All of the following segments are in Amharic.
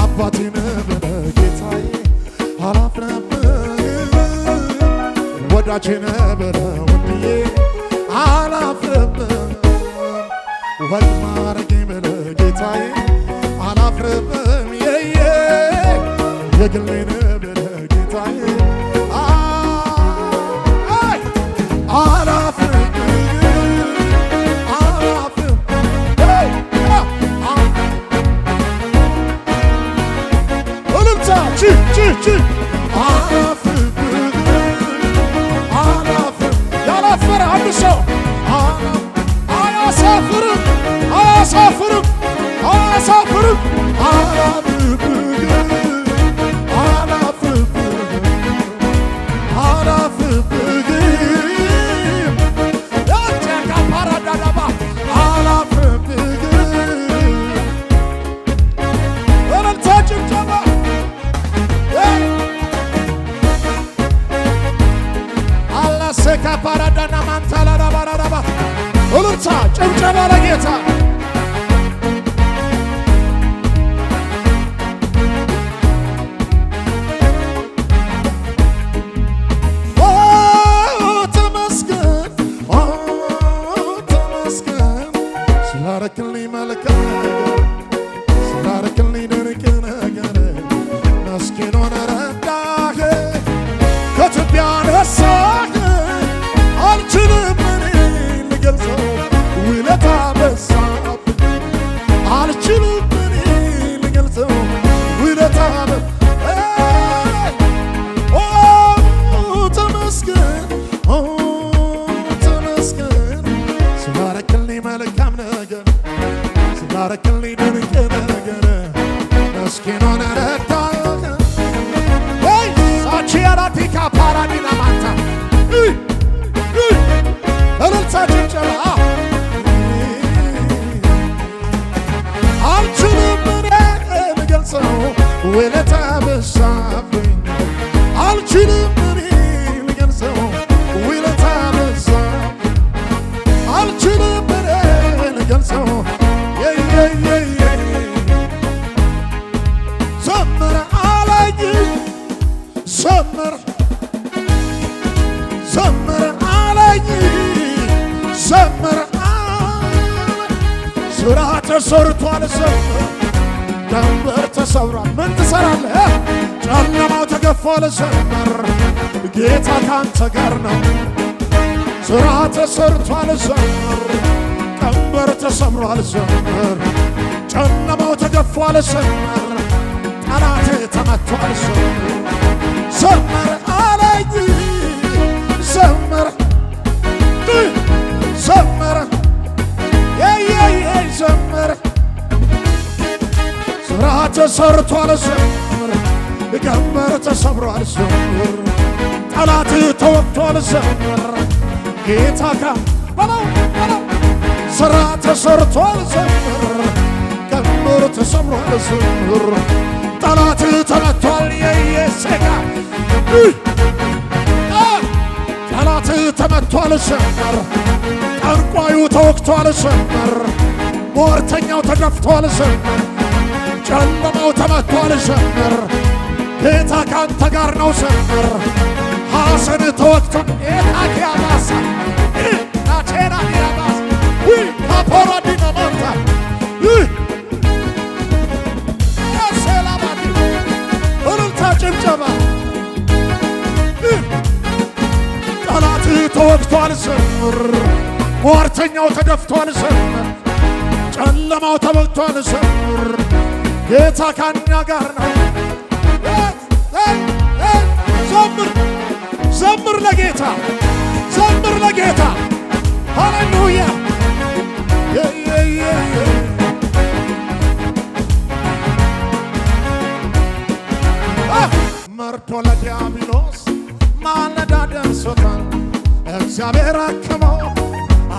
አባቴን በጌታዬ አላፍርም ወዳጄን በወንድዬ አላፍርም ወድ ማረጌ በጌታዬ አላፍርም የየ የግሌን Türkçü ስለሆነ ውለታ በዛብኝ አልችልም እኔ ዘምር ዘምር አለኝ ዘምር ስራ ተሰርቷል፣ ዘምር ቀንበር ተሰብሯል። ምን ትሰራለህ? ጨለማው ተገፏል፣ ዘምር ጌታ ካንተ ጋር ነው። ስራ ተሰርቷል፣ ዘምር ቀንበር ተሰብሯል፣ ዘምር ጨለማው ተገፏል፣ ዘምር ጠላቴ ተመቷል ተሰርቷል፣ ዘምር። ቀንበር ተሰብሯል፣ ዘምር። ጠላት ተወግቷል፣ ዘምር። ጌታ ካ በለው በለው ሥራ ተሰርቷል፣ ዘምር። ቀንበር ተሰብሯል፣ ዘምር። ጠላት ተመቷል፣ የየሴጋ ጠላት ተመቷል፣ ዘምር። ጠንቋዩ ተወግቷል፣ ዘምር። ሟርተኛው ተገፍቷል፣ ዘምር ጨለማው ተመቷል፣ ዘምር ጌታ ካንተ ጋር ነው፣ ዘምር ሐዘን ተወግቶ ኤታኪያባሳ ናቴና ዲያባስ ተወግቷል፣ ዘምር ሟርተኛው ተደፍቷል፣ ዘምር ጨለማው ተመቷል፣ ዘምር ጌታ ከእኛ ጋር ነው። ዘምር ዘምር ለጌታ ዘምር ለጌታ ሃሌሉያ መርቶ ለዲያብሎስ ማለዳ ደርሶታል እግዚአብሔር አክመው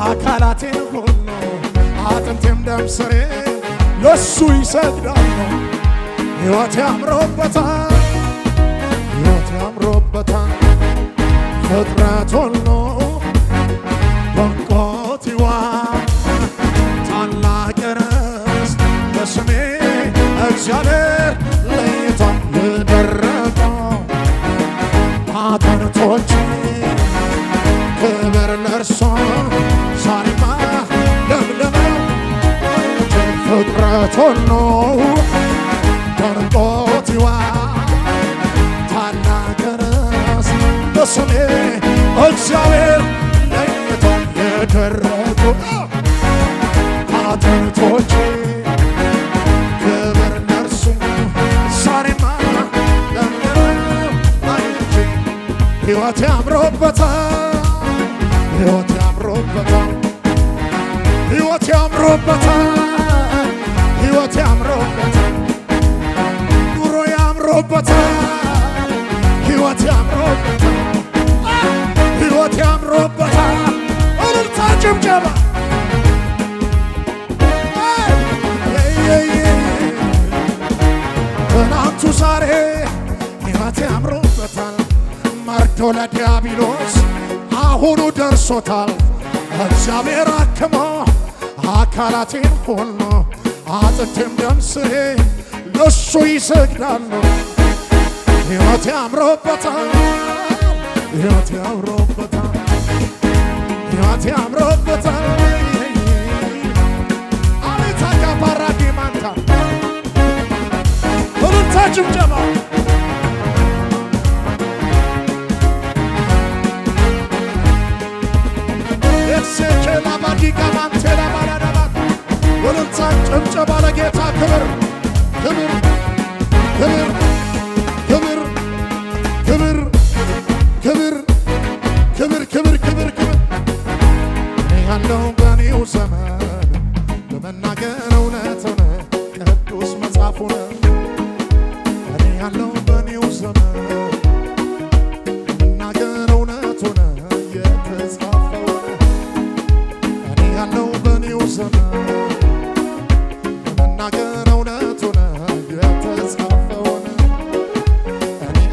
አካላቴን ሁሉ አጥንቴም ደም ስሬ ለሱ ይሰግዳለሁ። ሕይወት ያምሮበታል፣ ሕይወት ያምሮበታል ፍጥረቱን ተረቱ አጥንቶቼ ክብር ለእርሱ ዛሬማ አይቼ ሕይወቴ አምሮበታል ሕይወቴ አምሮበታል ሕይወቴ አምሮበታል ሕይወቴ አምሮበታል ኑሮዬ አምሮበታል ሕይወቴ አምሮበታል ጭብጨባ ትናንቱ ዛሬ ሕይወት አምሮበታል መርዶ ለዲያብሎስ አሁኑ ደርሶታል። እግዚአብሔር አክሞ አካላቴን ሁሉ አጥንቴም ደም ስሬ ለሱ ይሰግዳሉ። ሕይወት ያምሮበታል። ሕይወት ያምሮበታል አባቴ አምሮበታል አቤት አካፋራ ጌማንታ ሁሉታ ጭብጨባ ሁሉታ ጭብጨባ ለጌታ ክብር ክብር ክብር ክብር ክብር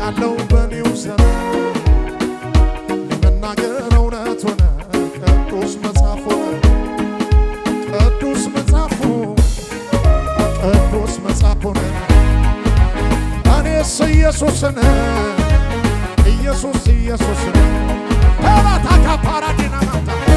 ያለው በኔው ስራ ለመናገር እውነት ሆነ። ቅዱስ መጽሐፍ ሆነ ቅዱስ መጽሐፍ ቅዱስ መጽሐፍ እኔስ ኢየሱስን ኢየሱስ ኢየሱስን ተባታካ ፓራዲናማታ